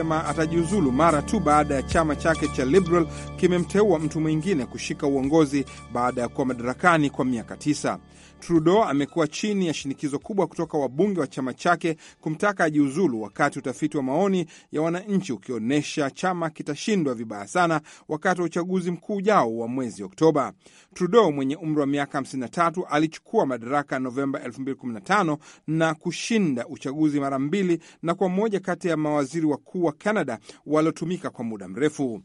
amesema atajiuzulu mara tu baada ya chama chake cha Liberal kimemteua mtu mwingine kushika uongozi baada ya kuwa madarakani kwa miaka tisa. Trudeau amekuwa chini ya shinikizo kubwa kutoka wabunge wa chama chake kumtaka ajiuzulu, wakati utafiti wa maoni ya wananchi ukionyesha chama kitashindwa vibaya sana wakati wa uchaguzi mkuu ujao wa mwezi Oktoba. Trudeau mwenye umri wa miaka 53 alichukua madaraka Novemba 2015 na kushinda uchaguzi mara mbili na kuwa mmoja kati ya mawaziri wakuu wa Canada waliotumika kwa muda mrefu.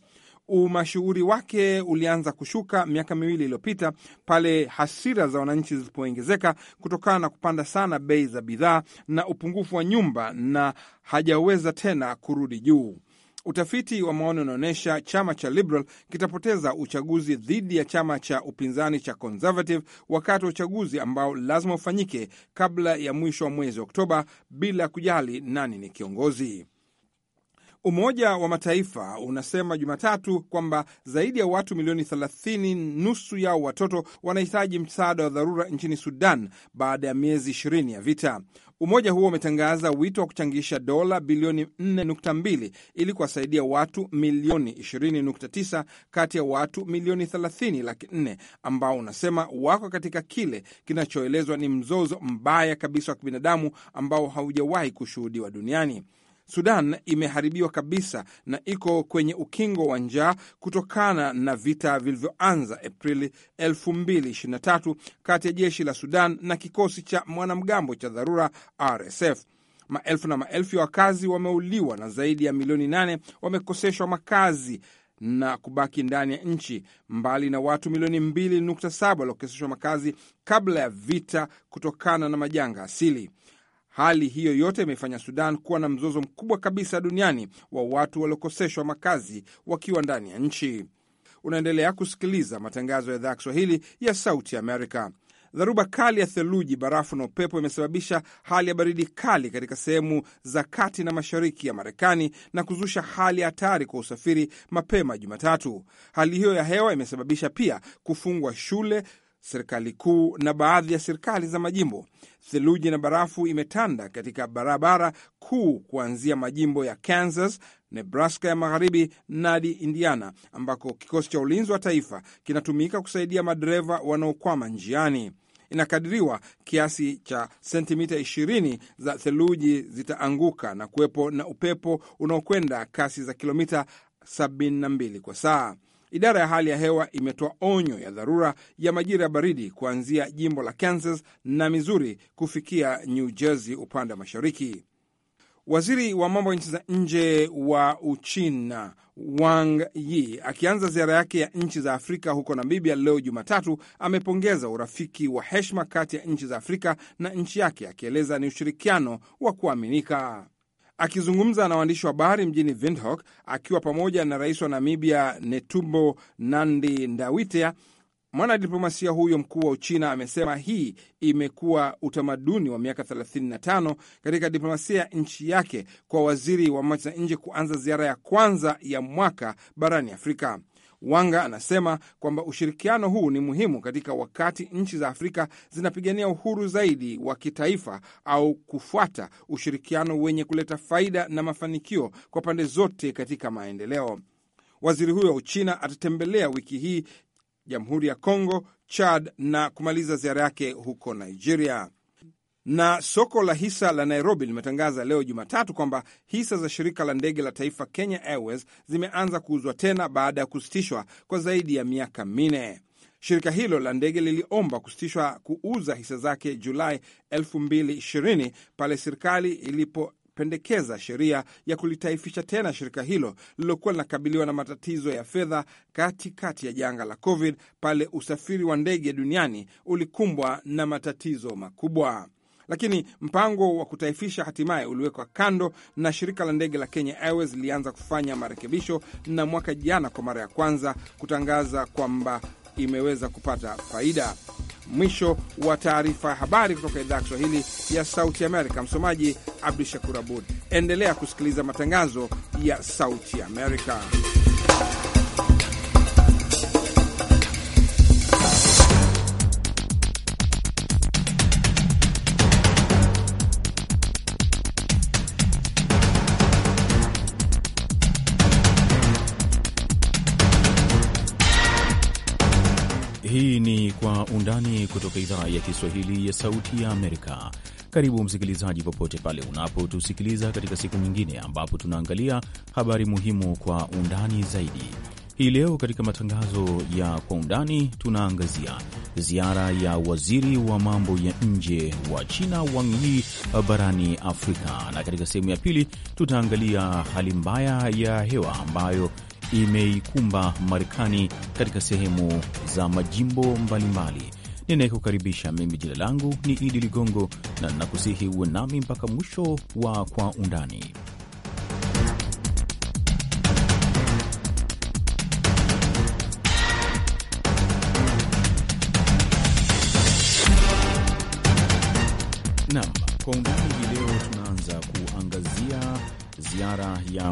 Umashuhuri wake ulianza kushuka miaka miwili iliyopita pale hasira za wananchi zilipoongezeka kutokana na kupanda sana bei za bidhaa na upungufu wa nyumba, na hajaweza tena kurudi juu. Utafiti wa maoni unaonyesha chama cha Liberal kitapoteza uchaguzi dhidi ya chama cha upinzani cha Conservative wakati wa uchaguzi ambao lazima ufanyike kabla ya mwisho wa mwezi Oktoba bila kujali nani ni kiongozi. Umoja wa Mataifa unasema Jumatatu kwamba zaidi ya watu milioni 30, nusu yao watoto, wanahitaji msaada wa dharura nchini Sudan baada ya miezi 20 ya vita. Umoja huo umetangaza wito wa kuchangisha dola bilioni 4.2 ili kuwasaidia watu milioni 20.9 kati ya watu milioni 30 laki 4 ambao unasema wako katika kile kinachoelezwa ni mzozo mbaya kabisa wa kibinadamu ambao haujawahi kushuhudiwa duniani. Sudan imeharibiwa kabisa na iko kwenye ukingo wa njaa kutokana na vita vilivyoanza Aprili 2023 kati ya jeshi la Sudan na kikosi cha mwanamgambo cha dharura RSF. Maelfu na maelfu ya wakazi wameuliwa na zaidi ya milioni nane wamekoseshwa makazi na kubaki ndani ya nchi, mbali na watu milioni mbili nukta saba waliokoseshwa makazi kabla ya vita kutokana na majanga asili. Hali hiyo yote imefanya Sudan kuwa na mzozo mkubwa kabisa duniani wa watu waliokoseshwa makazi wakiwa ndani ya nchi. Unaendelea kusikiliza matangazo ya idhaa ya Kiswahili ya Sauti Amerika. Dharuba kali ya theluji, barafu na upepo imesababisha hali ya baridi kali katika sehemu za kati na mashariki ya Marekani na kuzusha hali ya hatari kwa usafiri mapema Jumatatu. Hali hiyo ya hewa imesababisha pia kufungwa shule, serikali kuu na baadhi ya serikali za majimbo. Theluji na barafu imetanda katika barabara kuu kuanzia majimbo ya Kansas, Nebraska ya magharibi nadi Indiana, ambako kikosi cha ulinzi wa taifa kinatumika kusaidia madereva wanaokwama njiani. Inakadiriwa kiasi cha sentimita 20 za theluji zitaanguka na kuwepo na upepo unaokwenda kasi za kilomita 72 kwa saa. Idara ya hali ya hewa imetoa onyo ya dharura ya majira ya baridi kuanzia jimbo la Kansas na Missouri kufikia New Jersey upande wa mashariki. Waziri wa mambo ya nchi za nje wa Uchina Wang Yi akianza ziara yake ya nchi za Afrika huko Namibia leo Jumatatu, amepongeza urafiki wa heshima kati ya nchi za Afrika na nchi yake, akieleza ni ushirikiano wa kuaminika. Akizungumza na waandishi wa habari mjini Windhoek akiwa pamoja na rais wa Namibia Netumbo Nandi Ndawitea, mwanadiplomasia huyo mkuu wa Uchina amesema hii imekuwa utamaduni wa miaka 35 katika diplomasia ya nchi yake kwa waziri wa mambo ya nje kuanza ziara ya kwanza ya mwaka barani Afrika. Wanga anasema kwamba ushirikiano huu ni muhimu katika wakati nchi za Afrika zinapigania uhuru zaidi wa kitaifa au kufuata ushirikiano wenye kuleta faida na mafanikio kwa pande zote katika maendeleo. Waziri huyo wa Uchina atatembelea wiki hii Jamhuri ya Kongo, Chad na kumaliza ziara yake huko Nigeria. Na soko la hisa la Nairobi limetangaza leo Jumatatu kwamba hisa za shirika la ndege la taifa Kenya Airways zimeanza kuuzwa tena baada ya kusitishwa kwa zaidi ya miaka minne. Shirika hilo la ndege liliomba kusitishwa kuuza hisa zake Julai 2020 pale serikali ilipo pendekeza sheria ya kulitaifisha tena shirika hilo lililokuwa linakabiliwa na matatizo ya fedha katikati ya janga la COVID pale usafiri wa ndege duniani ulikumbwa na matatizo makubwa lakini mpango wa kutaifisha hatimaye uliwekwa kando na shirika la ndege la Kenya Airways lilianza kufanya marekebisho na mwaka jana kwa mara ya kwanza kutangaza kwamba imeweza kupata faida. Mwisho wa taarifa ya habari kutoka idhaa ya Kiswahili ya Sauti Amerika. Msomaji Abdu Shakur Abud. Endelea kusikiliza matangazo ya Sauti Amerika. Undani kutoka idhaa ya Kiswahili ya Sauti ya Amerika. Karibu msikilizaji, popote pale unapotusikiliza katika siku nyingine ambapo tunaangalia habari muhimu kwa undani zaidi. Hii leo katika matangazo ya kwa undani tunaangazia ziara ya waziri wa mambo ya nje wa China Wang Yi barani Afrika, na katika sehemu ya pili tutaangalia hali mbaya ya hewa ambayo imeikumba Marekani katika sehemu za majimbo mbalimbali ninayekukaribisha mimi, jina langu ni Idi Ligongo, na nakusihi uwe nami mpaka mwisho wa Kwa Undani.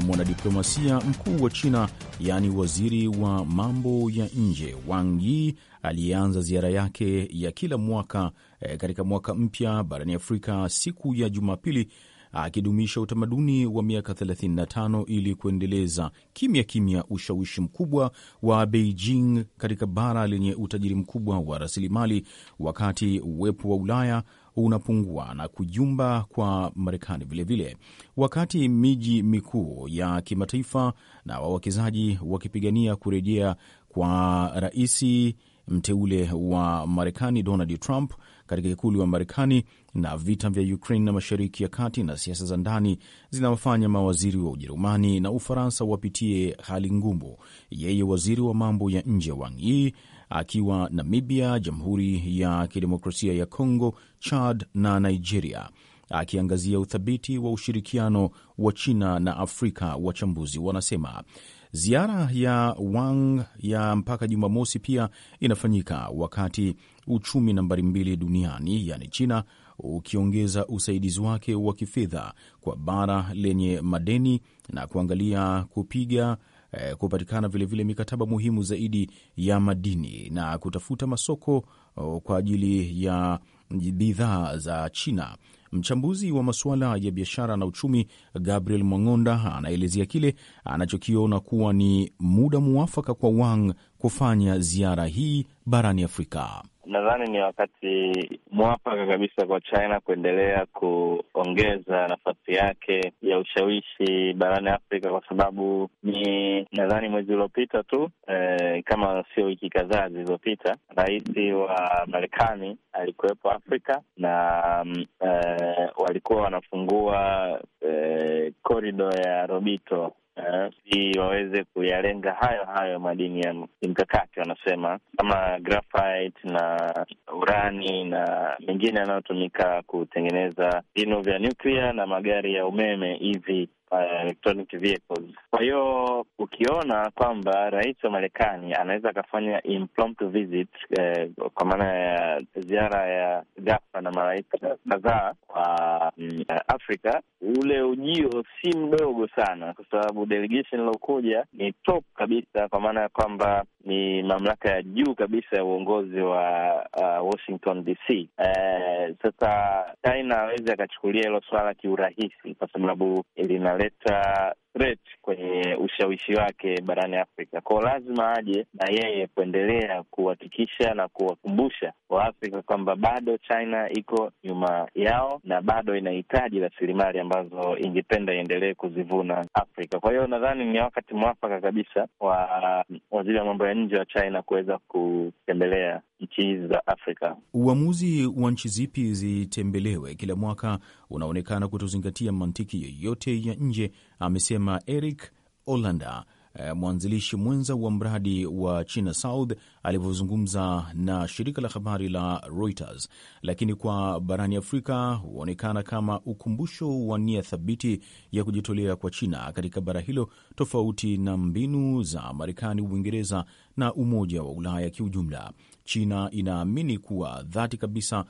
mwanadiplomasia mkuu wa China, yaani waziri wa mambo ya nje Wang Yi aliyeanza ziara yake ya kila mwaka e, katika mwaka mpya barani Afrika siku ya Jumapili akidumisha utamaduni wa miaka 35 ili kuendeleza kimya kimya ushawishi mkubwa wa Beijing katika bara lenye utajiri mkubwa wa rasilimali, wakati uwepo wa Ulaya unapungua na kujumba kwa Marekani vilevile, wakati miji mikuu ya kimataifa na wawekezaji wakipigania kurejea kwa raisi mteule wa Marekani Donald Trump katika ikulu ya Marekani na vita vya Ukraine na Mashariki ya Kati na siasa za ndani zinawafanya mawaziri wa Ujerumani na Ufaransa wapitie hali ngumu, yeye waziri wa mambo ya nje Wang Yi akiwa Namibia, Jamhuri ya Kidemokrasia ya Kongo, Chad na Nigeria, akiangazia uthabiti wa ushirikiano wa China na Afrika. Wachambuzi wanasema ziara ya Wang ya mpaka Jumamosi pia inafanyika wakati uchumi nambari mbili duniani yani China, ukiongeza usaidizi wake wa kifedha kwa bara lenye madeni na kuangalia kupiga eh, kupatikana vilevile mikataba muhimu zaidi ya madini na kutafuta masoko oh, kwa ajili ya bidhaa za China. Mchambuzi wa masuala ya biashara na uchumi Gabriel Mwang'onda anaelezea kile anachokiona kuwa ni muda muafaka kwa Wang kufanya ziara hii barani Afrika nadhani ni wakati mwafaka kabisa kwa China kuendelea kuongeza nafasi yake ya ushawishi barani Afrika, kwa sababu ni nadhani mwezi uliopita tu eh, kama sio wiki kadhaa zilizopita, rais wa Marekani alikuwepo Afrika na mm, eh, walikuwa wanafungua eh, korido ya Robito uh, waweze kuyalenga hayo hayo madini ya kimkakati wanasema kama graphite na urani na mengine yanayotumika kutengeneza vinu vya nuklia na magari ya umeme hivi electronic vehicles. Kwa hiyo ukiona kwamba rais wa Marekani anaweza akafanya impromptu visit eh, kwa maana ya ziara ya ghafla na marais kadhaa kwa uh, mm, Afrika, ule ujio si mdogo sana, kwa sababu delegation iliokuja ni top kabisa, kwa maana ya kwamba ni mamlaka ya juu kabisa ya uongozi wa uh, Washington DC. Eh, sasa China awezi akachukulia hilo swala kiurahisi, kwa sababu lina it. Uh, threat kwenye ushawishi wake barani Afrika. Kwao lazima aje na yeye kuendelea kuhakikisha na kuwakumbusha Waafrika kwamba bado China iko nyuma yao na bado inahitaji rasilimali ambazo ingependa iendelee kuzivuna Afrika. Kwa hiyo nadhani ni wakati mwafaka kabisa wa waziri wa mambo ya nje wa China kuweza kutembelea nchi hizi za Afrika. Uamuzi wa nchi zipi zitembelewe kila mwaka unaonekana kutozingatia mantiki yoyote ya nje, amesema amesema Eric Olanda, eh, mwanzilishi mwenza wa mradi wa China South alivyozungumza na shirika la habari la Reuters. Lakini kwa barani Afrika huonekana kama ukumbusho wa nia thabiti ya kujitolea kwa China katika bara hilo, tofauti na mbinu za Marekani, Uingereza na Umoja wa Ulaya kiujumla. China inaamini kuwa dhati kabisa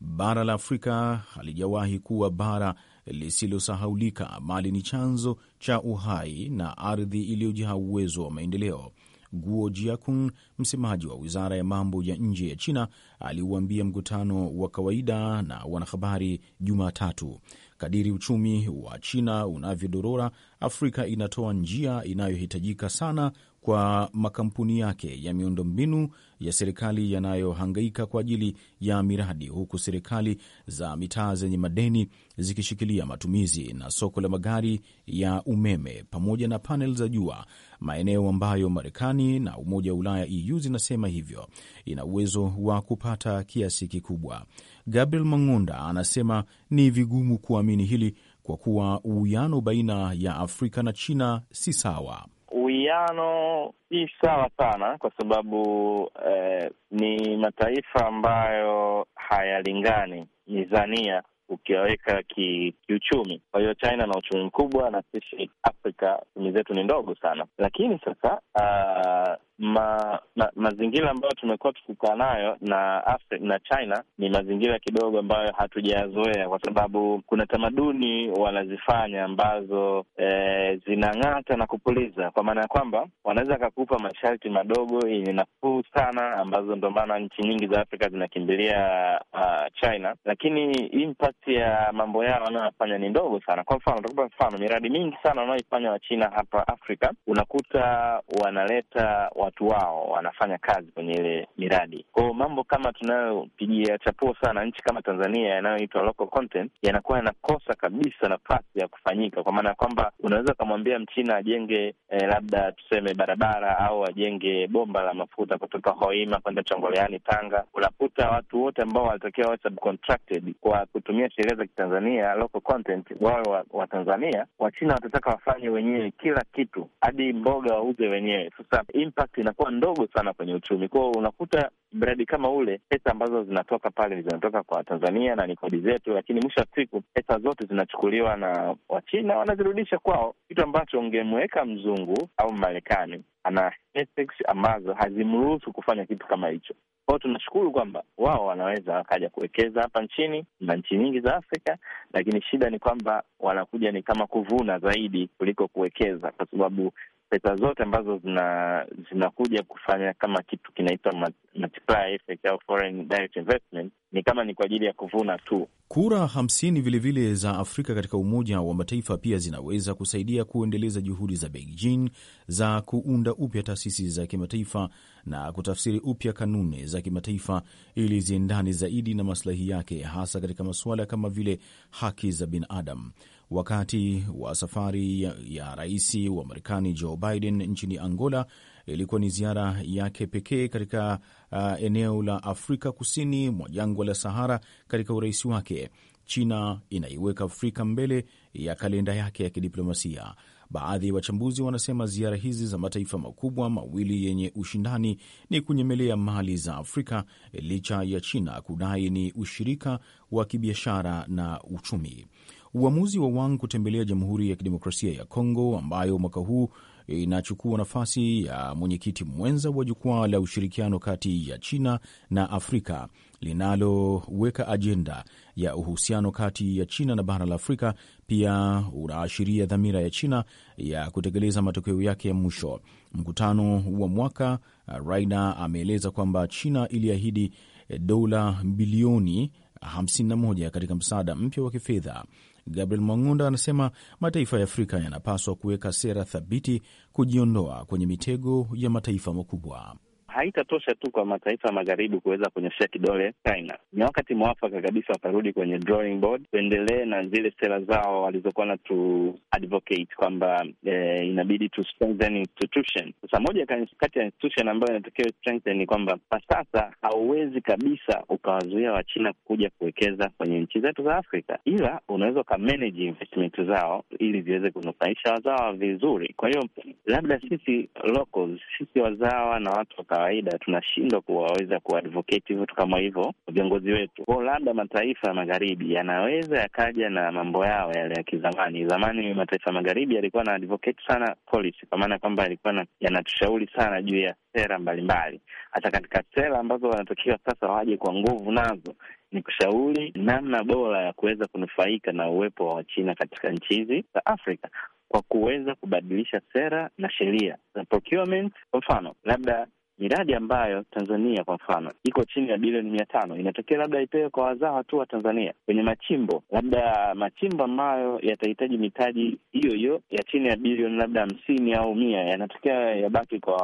bara la Afrika halijawahi kuwa bara lisilosahaulika, mali ni chanzo cha uhai na ardhi iliyojaa uwezo wa maendeleo. Guo Jiakun, msemaji wa wizara ya mambo ya nje ya China, aliuambia mkutano wa kawaida na wanahabari Jumatatu, kadiri uchumi wa China unavyodorora, Afrika inatoa njia inayohitajika sana kwa makampuni yake ya miundombinu ya serikali yanayohangaika kwa ajili ya miradi, huku serikali za mitaa zenye madeni zikishikilia matumizi na soko la magari ya umeme pamoja na panel za jua, maeneo ambayo Marekani na Umoja wa Ulaya EU zinasema hivyo ina uwezo wa kupata kiasi kikubwa. Gabriel Mang'unda anasema ni vigumu kuamini hili kwa kuwa uwiano baina ya Afrika na China si sawa uwiano si sawa sana, kwa sababu eh, ni mataifa ambayo hayalingani mizania ukiwaweka kiuchumi. Kwa hiyo China na uchumi mkubwa na sisi Afrika uchumi zetu ni ndogo sana, lakini sasa uh, ma, ma, mazingira ambayo tumekuwa tukikaa nayo na na China ni mazingira kidogo ambayo hatujayazoea kwa sababu kuna tamaduni wanazifanya ambazo eh, zinang'ata na kupuliza, kwa maana ya kwamba wanaweza akakupa masharti madogo yenye nafuu sana ambazo ndo maana nchi nyingi za Afrika zinakimbilia uh, China, lakini impact ya mambo yao wanayofanya ni ndogo sana. Kwa mfano, takupa mfano, miradi mingi sana wanaoifanya Wachina hapa Afrika, unakuta wanaleta watu wao wanafanya kazi kwenye ile miradi. kwao mambo kama tunayopigia chapuo sana nchi kama Tanzania yanayoitwa local content yanakuwa yanakosa kabisa nafasi ya kufanyika, kwa maana ya kwamba unaweza ukamwambia Mchina ajenge eh, labda tuseme barabara au ajenge bomba la mafuta kutoka Hoima kwenda Chongoleani, Tanga. Unakuta watu wote ambao walitakiwa wawe subcontracted kwa kutumia kutumia sheria za Kitanzania, local content, tanzania Wachina watataka wafanye wenyewe kila kitu, hadi mboga wauze wenyewe. Sasa impact inakuwa ndogo sana kwenye uchumi kwao. Unakuta mradi kama ule, pesa ambazo zinatoka pale zinatoka kwa Tanzania na ni kodi zetu, lakini mwisho wa siku pesa zote zinachukuliwa na Wachina wanazirudisha kwao, kitu ambacho ungemweka mzungu au Marekani ana ambazo hazimruhusu kufanya kitu kama hicho kwao. Tunashukuru kwamba wao wanaweza wakaja kuwekeza hapa nchini na nchi nyingi za Afrika, lakini shida ni kwamba wanakuja ni kama kuvuna zaidi kuliko kuwekeza, kwa sababu sekta zote ambazo zina zinakuja kufanya kama kitu kinaitwa multiplier effect au foreign direct investment, ni kama ni kwa ajili ya kuvuna tu. Kura hamsini vilevile za Afrika katika Umoja wa Mataifa pia zinaweza kusaidia kuendeleza juhudi za Beijing za kuunda upya taasisi za kimataifa na kutafsiri upya kanuni za kimataifa ili ziendane zaidi na maslahi yake, hasa katika masuala kama vile haki za binadamu wakati wa safari ya, ya rais wa Marekani Joe Biden nchini Angola. Ilikuwa ni ziara yake pekee katika uh, eneo la Afrika kusini mwa jangwa la Sahara. Katika urais wake, China inaiweka Afrika mbele ya kalenda yake ya kidiplomasia. Baadhi ya wachambuzi wanasema ziara hizi za mataifa makubwa mawili yenye ushindani ni kunyemelea mali za Afrika licha ya China kudai ni ushirika wa kibiashara na uchumi. Uamuzi wa Wang kutembelea Jamhuri ya Kidemokrasia ya Kongo ambayo mwaka huu inachukua nafasi ya mwenyekiti mwenza wa jukwaa la ushirikiano kati ya China na Afrika linaloweka ajenda ya uhusiano kati ya China na bara la Afrika, pia unaashiria dhamira ya China ya kutekeleza matokeo yake ya mwisho mkutano wa mwaka. Raina ameeleza kwamba China iliahidi dola bilioni 51 katika msaada mpya wa kifedha Gabriel Mwang'unda anasema mataifa ya Afrika yanapaswa kuweka sera thabiti kujiondoa kwenye mitego ya mataifa makubwa haitatosha tu kwa mataifa ya magharibi kuweza kunyeshea kidole China. Ni wakati mwafaka kabisa wakarudi kwenye drawing board, tuendelee na zile sera zao walizokuwa na tu advocate kwamba eh, inabidi tu strengthen institution. Sasa moja kati ya institution ambayo inatakiwa strengthen ni kwamba kwa sasa hauwezi kabisa ukawazuia Wachina kuja kuwekeza kwenye nchi zetu za Afrika, ila unaweza ukamanage investment zao ili ziweze kunufaisha wazawa vizuri. Kwa hiyo labda sisi locals, sisi wazawa na watu waka kawaida tunashindwa kuwaweza kuadvocate vitu kama hivyo viongozi wetu kwao. Labda mataifa ya magharibi yanaweza yakaja na mambo yao yale ya kizamani. Zamani mataifa ya magharibi yalikuwa na advocate sana policy, kwa maana kwamba yalikuwa yanatushauri sana juu ya sera mbalimbali. Hata katika sera ambazo wanatokiwa sasa waje kwa nguvu nazo ni kushauri namna bora ya kuweza kunufaika na uwepo wa Wachina katika nchi hizi za Afrika kwa kuweza kubadilisha sera na sheria za procurement. Kwa mfano, labda miradi ambayo Tanzania kwa mfano iko chini ya bilioni mia tano inatokea labda ipewe kwa wazawa tu wa Tanzania kwenye machimbo, labda machimbo ambayo yatahitaji mitaji hiyo hiyo ya chini ya bilioni labda hamsini au mia yanatokea yabaki kwa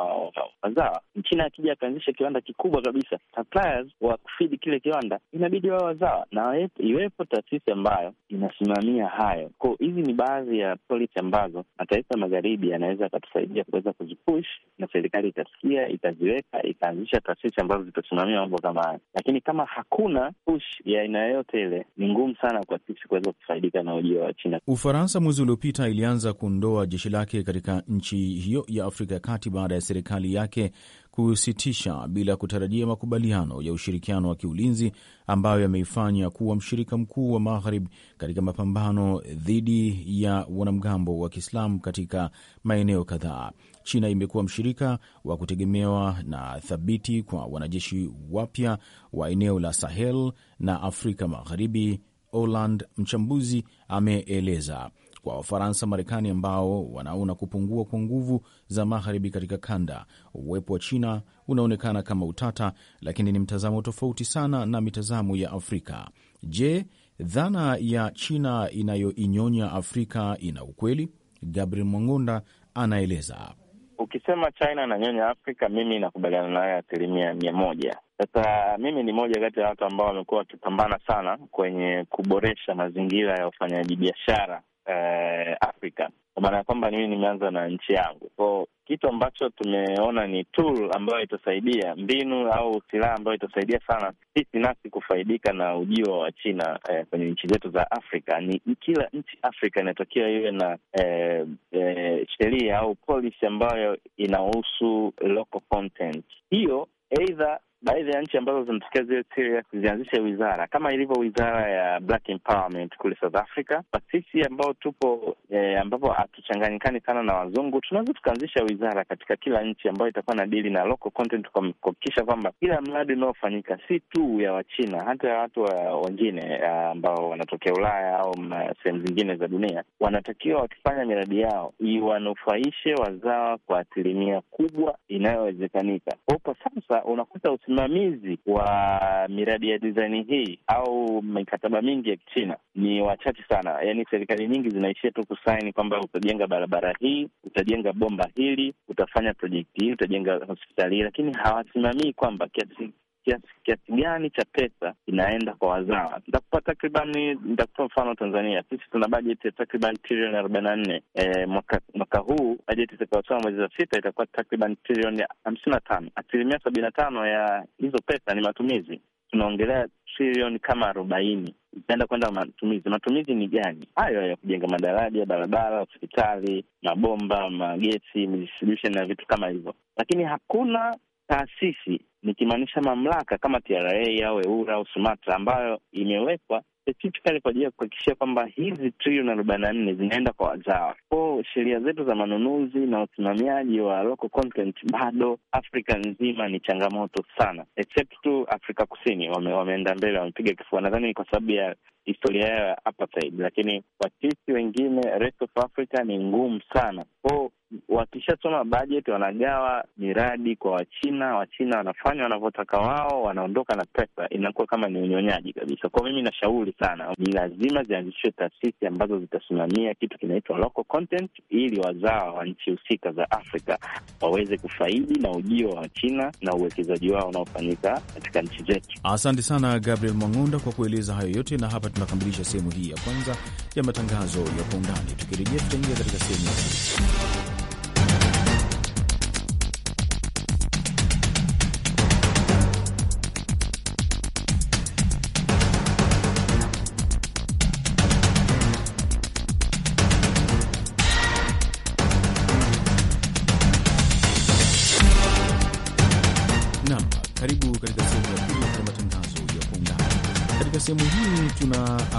wazawa. Mchina akija akaanzisha kiwanda kikubwa kabisa, suppliers wa kufidi kile kiwanda inabidi wao wazawa, na iwepo taasisi ambayo inasimamia hayo. Kwa hizi ni baadhi ya policy ambazo mataifa magharibi yanaweza akatusaidia kuweza kuzipush, na serikali itasikia ita kuziweka, ikaanzisha taasisi ambazo zitasimamia mambo kama haya, lakini kama hakuna push ya aina yoyote ile, ni ngumu sana kwa sisi kuweza kufaidika na ujio wa China. Ufaransa mwezi uliopita ilianza kuondoa jeshi lake katika nchi hiyo ya Afrika ya Kati baada ya serikali yake kusitisha bila kutarajia makubaliano ya ushirikiano wa kiulinzi ambayo yameifanya kuwa mshirika mkuu wa Maghrib katika mapambano dhidi ya wanamgambo wa Kiislamu katika maeneo kadhaa. China imekuwa mshirika wa kutegemewa na thabiti kwa wanajeshi wapya wa eneo la Sahel na Afrika Magharibi. Oland, mchambuzi, ameeleza kwa Wafaransa Marekani ambao wanaona kupungua kwa nguvu za magharibi katika kanda. Uwepo wa China unaonekana kama utata, lakini ni mtazamo tofauti sana na mitazamo ya Afrika. Je, dhana ya China inayoinyonya Afrika ina ukweli? Gabriel Mwangonda anaeleza. Ukisema China inanyonya Afrika, mimi nakubaliana nayo asilimia mia moja. Sasa mimi ni moja kati ya watu ambao wamekuwa wakipambana sana kwenye kuboresha mazingira ya ufanyaji biashara eh, Afrika kwa maana ya kwamba mimi nimeanza na nchi yangu. So kitu ambacho tumeona ni tool ambayo itasaidia, mbinu au silaha ambayo itasaidia sana sisi nasi kufaidika na ujio wa China eh, kwenye nchi zetu za Afrika. Ni kila nchi Afrika inatakiwa iwe na eh, eh, sheria au policy ambayo inahusu local content hiyo, aidha baadhi ya nchi ambazo zinatakiwa zile serious zianzisha wizara kama ilivyo wizara ya Black Empowerment kule South Africa. Sisi ambao tupo eh, ambapo hatuchanganyikani sana na wazungu, tunaweza tukaanzisha wizara katika kila nchi ambayo itakuwa na dili na local content, kuhakikisha kwamba kila mradi unaofanyika si tu ya Wachina, hata ya watu wengine wa ambao wanatokea Ulaya au sehemu zingine za dunia, wanatakiwa wakifanya miradi yao iwanufaishe wazawa kwa asilimia kubwa inayowezekanika. Kwa sasa unakuta wasimamizi wa miradi ya dizaini hii au mikataba mingi ya Kichina ni wachache sana. Yaani serikali nyingi zinaishia tu kusaini kwamba utajenga barabara hii, utajenga bomba hili, utafanya projekti hii, utajenga hospitali hii, lakini hawasimamii kwamba kiasi kiasi kiasi gani cha pesa inaenda kwa wazawa. Nitakupa takribani, nitakupa mfano Tanzania, sisi tuna bajeti ya takriban trilioni arobaini na nne. Eh, mwaka mwaka huu bajeti itakayotoa mwezi wa sita itakuwa takriban trilioni hamsini na tano. Asilimia sabini na tano ya hizo pesa ni matumizi, tunaongelea trilioni kama arobaini itaenda kwenda matumizi. Matumizi ni gani? Hayo ya kujenga madaraja, barabara, hospitali, mabomba, magesi, distribution na vitu kama hivyo, lakini hakuna taasisi nikimaanisha mamlaka kama TRA au EURA au SUMATRA ambayo imewekwa specifically kwa ajili ya kuhakikishia kwamba hizi trilioni arobaini na nne zinaenda kwa wazawa. Ko sheria zetu za manunuzi na usimamiaji wa local content bado Afrika nzima ni changamoto sana, except tu Afrika Kusini wame, wameenda mbele, wamepiga kifua. Nadhani ni kwa sababu ya historia yao ya apartheid, lakini watisi wengine rest of Africa ni ngumu sana. Ko wakishasoma bajeti wanagawa miradi kwa Wachina. Wachina wanafanya wanavyotaka wao, wanaondoka na pesa, inakuwa kama ni unyonyaji kabisa. Kwao mimi nashauri sana, ni lazima zianzishwe taasisi ambazo zitasimamia kitu kinaitwa local content, ili wazawa wa nchi husika za Afrika waweze kufaidi na ujio wa Wachina na uwekezaji wao unaofanyika katika nchi zetu. Asante sana Gabriel Mwang'onda kwa kueleza hayo yote, na hapa tunakamilisha sehemu hii ya kwanza ya matangazo ya Kwa Undani. Tukirejea tutaingia katika sehemu ya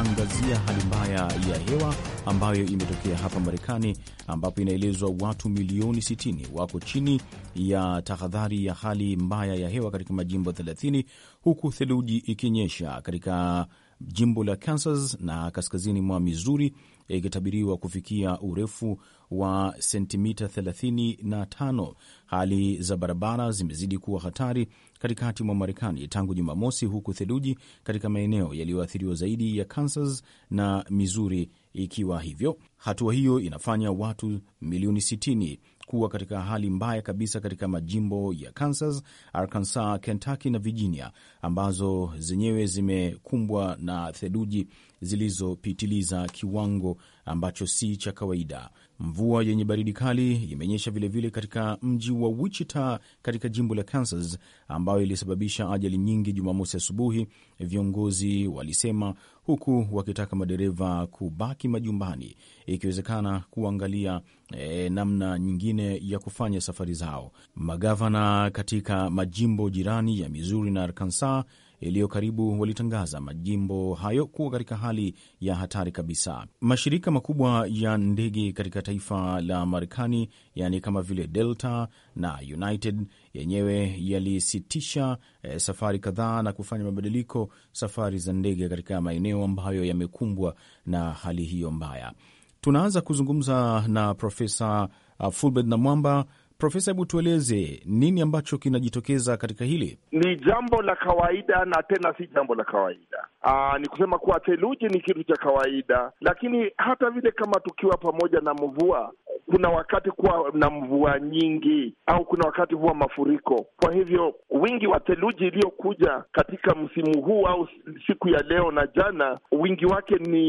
inaangazia hali mbaya ya hewa ambayo imetokea hapa Marekani, ambapo inaelezwa watu milioni 60 wako chini ya tahadhari ya hali mbaya ya hewa katika majimbo 30 huku theluji ikinyesha katika jimbo la Kansas na kaskazini mwa Missouri, ikitabiriwa kufikia urefu wa sentimita 35. Hali za barabara zimezidi kuwa hatari katikati mwa Marekani tangu Jumamosi, huku theluji katika maeneo yaliyoathiriwa zaidi ya Kansas na Missouri ikiwa hivyo. Hatua hiyo inafanya watu milioni 60 kuwa katika hali mbaya kabisa katika majimbo ya Kansas, Arkansas, Kentucky na Virginia ambazo zenyewe zimekumbwa na theluji zilizopitiliza kiwango ambacho si cha kawaida. Mvua yenye baridi kali imenyesha vilevile katika mji wa Wichita katika jimbo la Kansas, ambayo ilisababisha ajali nyingi Jumamosi asubuhi, viongozi walisema, huku wakitaka madereva kubaki majumbani, ikiwezekana kuangalia e, namna nyingine ya kufanya safari zao. Magavana katika majimbo jirani ya Missouri na Arkansas iliyo karibu walitangaza majimbo hayo kuwa katika hali ya hatari kabisa. Mashirika makubwa ya ndege katika taifa la Marekani, yani kama vile Delta na United yenyewe yalisitisha eh, safari kadhaa na kufanya mabadiliko safari za ndege katika maeneo ambayo yamekumbwa na hali hiyo mbaya. Tunaanza kuzungumza na Profesa ah, Fulbert Namwamba Profesa, hebu tueleze nini ambacho kinajitokeza katika hili? Ni jambo la kawaida na tena si jambo la kawaida. Aa, ah, ni kusema kuwa theluji ni kitu cha kawaida, lakini hata vile kama tukiwa pamoja na mvua, kuna wakati kuwa na mvua nyingi au kuna wakati huwa mafuriko. Kwa hivyo wingi wa theluji iliyokuja katika msimu huu au siku ya leo na jana, wingi wake ni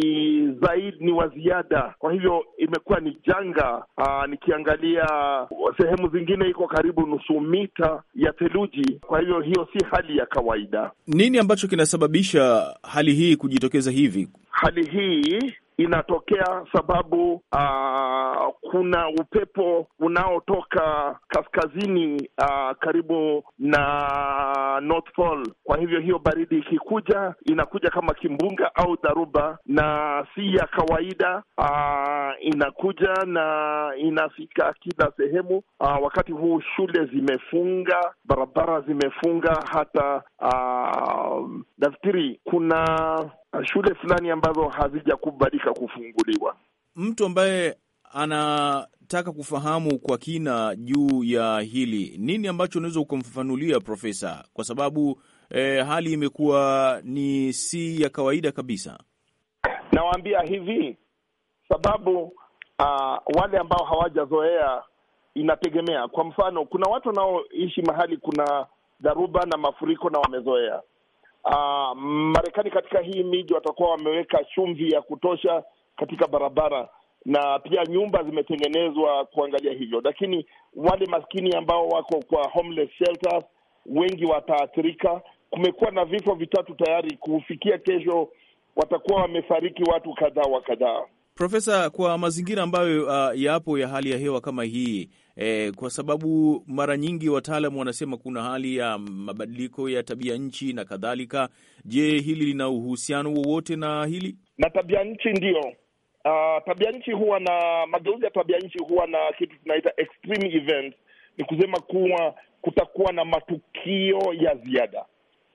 zaidi, ni wa ziada. Kwa hivyo imekuwa ni janga. Aa, ah, nikiangalia sehemu sehemu zingine iko karibu nusu mita ya theluji. Kwa hivyo hiyo si hali ya kawaida. Nini ambacho kinasababisha hali hii kujitokeza hivi? Hali hii inatokea sababu uh, kuna upepo unaotoka kaskazini uh, karibu na North Pole. Kwa hivyo hiyo baridi ikikuja inakuja kama kimbunga au dharuba, na si ya kawaida uh, inakuja na inafika kila sehemu uh, wakati huu shule zimefunga, barabara zimefunga, hata uh, nafikiri kuna shule fulani ambazo hazijakubalika kufunguliwa. Mtu ambaye anataka kufahamu kwa kina juu ya hili, nini ambacho unaweza ukamfafanulia Profesa, kwa sababu eh, hali imekuwa ni si ya kawaida kabisa. Nawaambia hivi sababu uh, wale ambao hawajazoea inategemea. Kwa mfano, kuna watu wanaoishi mahali kuna dharuba na mafuriko na wamezoea Ah, Marekani katika hii miji watakuwa wameweka chumvi ya kutosha katika barabara na pia nyumba zimetengenezwa kuangalia hivyo, lakini wale maskini ambao wako kwa homeless shelters wengi wataathirika. Kumekuwa na vifo vitatu tayari, kufikia kesho watakuwa wamefariki watu kadhaa wa kadhaa. Profesa, kwa mazingira ambayo uh, yapo ya hali ya hewa kama hii eh, kwa sababu mara nyingi wataalamu wanasema kuna hali ya mabadiliko ya tabia nchi na kadhalika. Je, hili lina uhusiano wowote na hili na tabia nchi? Ndiyo, uh, tabia nchi huwa na mageuzi ya tabia nchi huwa na kitu tunaita extreme event, ni kusema kuwa kutakuwa na matukio ya ziada.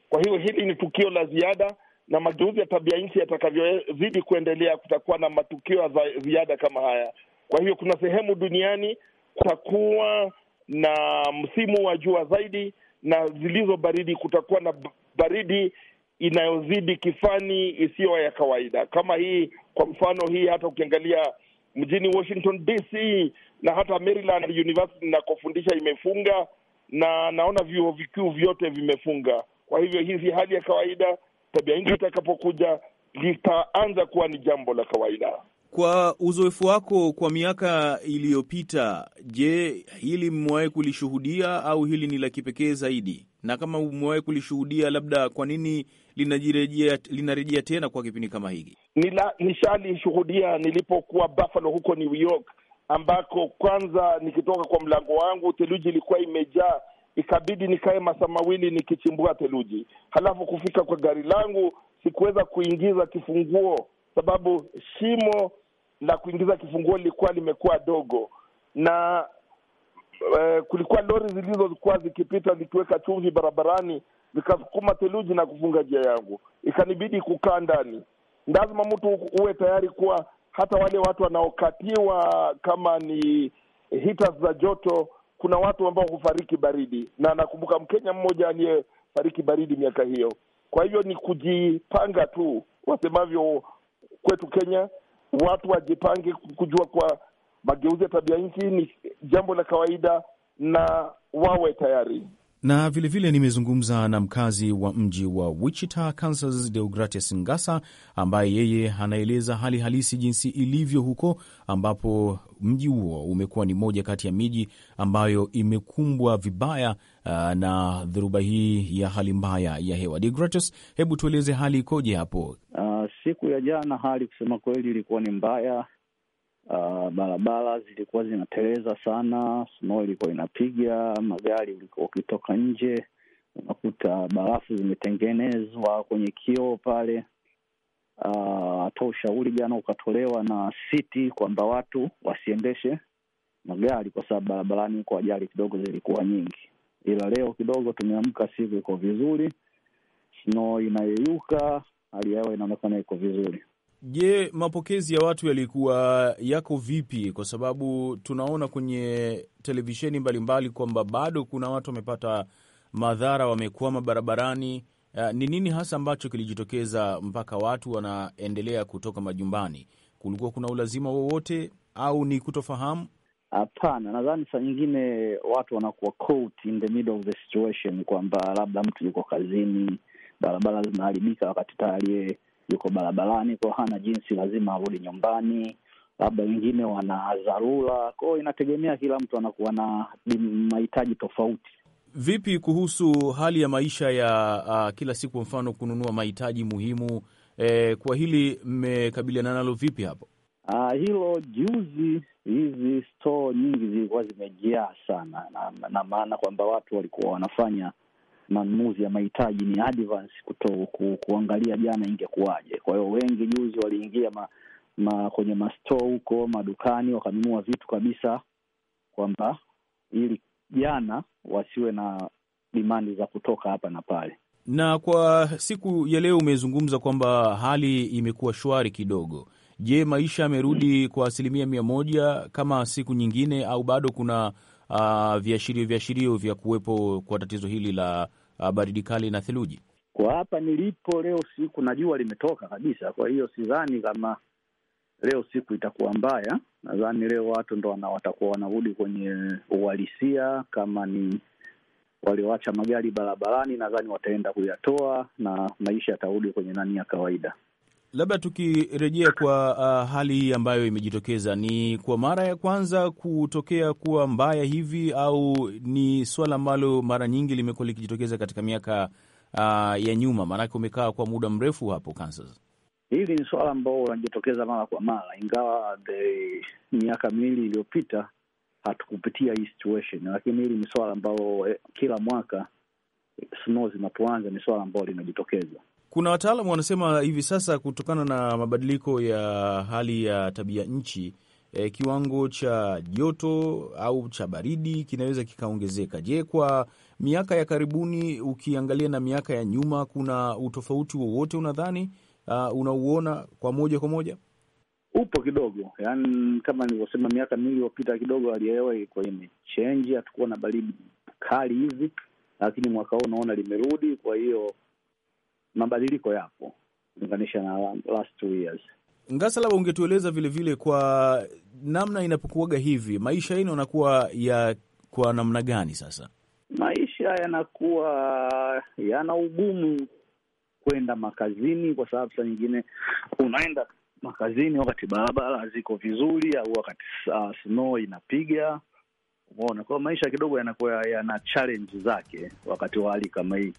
Kwa hiyo hili ni tukio la ziada na mageuzi ya tabia nchi yatakavyozidi kuendelea, kutakuwa na matukio ya ziada kama haya. Kwa hiyo kuna sehemu duniani kutakuwa na msimu wa jua zaidi, na zilizo baridi kutakuwa na baridi inayozidi kifani, isiyo ya kawaida kama hii. Kwa mfano hii, hata ukiangalia mjini Washington DC na hata Maryland University inakofundisha imefunga, na naona vyuo vikuu vyote vimefunga. Kwa hivyo hizi hali ya kawaida tabia nchi itakapokuja litaanza kuwa ni jambo la kawaida. Kwa uzoefu wako kwa miaka iliyopita, je, hili mmewahi kulishuhudia au hili ni la kipekee zaidi? Na kama mmewahi kulishuhudia, labda kwa nini linajirejea linarejea tena kwa kipindi kama hiki? Nila, nishalishuhudia nilipokuwa Buffalo huko New York, ambako kwanza nikitoka kwa mlango wangu theluji ilikuwa imejaa ikabidi nikae masaa mawili nikichimbua theluji. Halafu kufika kwa gari langu sikuweza kuingiza kifunguo, sababu shimo la kuingiza kifunguo lilikuwa limekuwa dogo, na eh, kulikuwa lori zilizokuwa zikipita zikiweka chumvi barabarani, zikasukuma theluji na kufunga njia yangu, ikanibidi kukaa ndani. Lazima mtu uwe tayari kuwa hata wale watu wanaokatiwa kama ni hita za joto kuna watu ambao hufariki baridi, na nakumbuka Mkenya mmoja aliyefariki baridi miaka hiyo. Kwa hivyo ni kujipanga tu, wasemavyo kwetu Kenya, watu wajipange kujua kwa mageuzi ya tabia nchi ni jambo la kawaida na wawe tayari na vilevile nimezungumza na mkazi wa mji wa Wichita, Kansas, Deogratias Ngasa, ambaye yeye anaeleza hali halisi jinsi ilivyo huko, ambapo mji huo umekuwa ni moja kati ya miji ambayo imekumbwa vibaya uh, na dhoruba hii ya hali mbaya ya hewa. Deogratias, hebu tueleze hali ikoje hapo? Uh, siku ya jana hali kusema kweli ilikuwa ni mbaya Uh, barabara zilikuwa zinateleza sana, snow ilikuwa inapiga magari, ulikuwa ukitoka nje unakuta barafu zimetengenezwa kwenye kioo pale. Ah, hata uh, ushauri jana ukatolewa na siti kwamba watu wasiendeshe magari kwa sababu barabarani kwa ajali kidogo zilikuwa nyingi, ila leo kidogo tumeamka, siku iko vizuri, snow inayeyuka, hali ya hewa inaonekana iko vizuri. Je, mapokezi ya watu yalikuwa yako vipi? Kwa sababu tunaona kwenye televisheni mbalimbali kwamba bado kuna watu wamepata madhara, wamekwama barabarani. Eh, ni nini hasa ambacho kilijitokeza mpaka watu wanaendelea kutoka majumbani? Kulikuwa kuna ulazima wowote au ni kutofahamu? Hapana, nadhani saa nyingine watu wanakuwa caught in the middle of the situation, kwamba labda mtu yuko kazini, barabara zinaharibika, wakati tayari yuko barabarani, kwao hana jinsi, lazima arudi nyumbani, labda wengine wana dharura kwao. Inategemea, kila mtu anakuwa na mahitaji tofauti. Vipi kuhusu hali ya maisha ya uh, kila siku, kwa mfano kununua mahitaji muhimu eh, kwa hili mmekabiliana nalo vipi hapo? Uh, hilo juzi hizi stoo nyingi zilikuwa zimejaa sana na, na maana kwamba watu walikuwa wanafanya manunuzi ya mahitaji ni advance kuto, ku, kuangalia jana ingekuwaje. Kwa hiyo wengi juzi waliingia ma, ma, kwenye masto huko madukani wakanunua vitu kabisa, kwamba ili jana wasiwe na dimandi za kutoka hapa na pale. Na kwa siku ya leo umezungumza kwamba hali imekuwa shwari kidogo. Je, maisha yamerudi kwa asilimia mia moja kama siku nyingine au bado kuna uh, viashirio viashirio vya kuwepo kwa tatizo hili la uh, baridi kali na theluji? Kwa hapa nilipo leo siku na jua limetoka kabisa, kwa hiyo sidhani kama leo siku itakuwa mbaya. Nadhani leo watu ndo watakuwa wanarudi kwenye uhalisia. Kama ni walioacha magari barabarani, nadhani wataenda kuyatoa na maisha yatarudi kwenye nani ya kawaida. Labda tukirejea kwa uh, hali hii ambayo imejitokeza, ni kwa mara ya kwanza kutokea kuwa mbaya hivi, au ni swala ambalo mara nyingi limekuwa likijitokeza katika miaka uh, ya nyuma? Maanake umekaa kwa muda mrefu hapo Kansas. Hili ni swala ambao unajitokeza mara kwa mara, ingawa miaka miwili iliyopita hatukupitia hii situation, lakini hili ni swala ambalo eh, kila mwaka snow zinapoanza ni swala ambalo linajitokeza. Kuna wataalamu wanasema hivi sasa kutokana na mabadiliko ya hali ya tabia nchi e, kiwango cha joto au cha baridi kinaweza kikaongezeka. Je, kwa miaka ya karibuni ukiangalia na miaka ya nyuma, kuna utofauti wowote unadhani uh, unauona kwa moja kwa moja? Upo kidogo, yaani kama nilivyosema, miaka mingi iliyopita kidogo hali ya hewa ilikuwa imechenji, hatukuwa na baridi kali hivi, lakini mwaka huu unaona limerudi, kwa hiyo mabadiliko yapo kulinganisha na last two years. Ngasa, labda ungetueleza vilevile kwa namna inapokuaga hivi, maisha yenu yanakuwa ya kwa namna gani? Sasa maisha yanakuwa yana ugumu kwenda makazini, kwa sababu saa nyingine unaenda makazini wakati barabara ziko vizuri, au wakati uh, snow inapiga. Umeona, kwa maisha kidogo yanakuwa yana challenge zake wakati wa hali kama hii.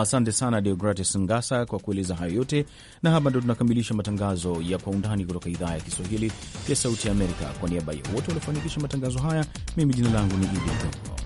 Asante sana Deogratis Ngasa kwa kueleza hayo yote, na hapa ndo tunakamilisha matangazo ya Kwa Undani kutoka idhaa ya Kiswahili ya Sauti ya Amerika. Kwa niaba ya wote waliofanikisha matangazo haya, mimi jina langu ni Idi Ligongo.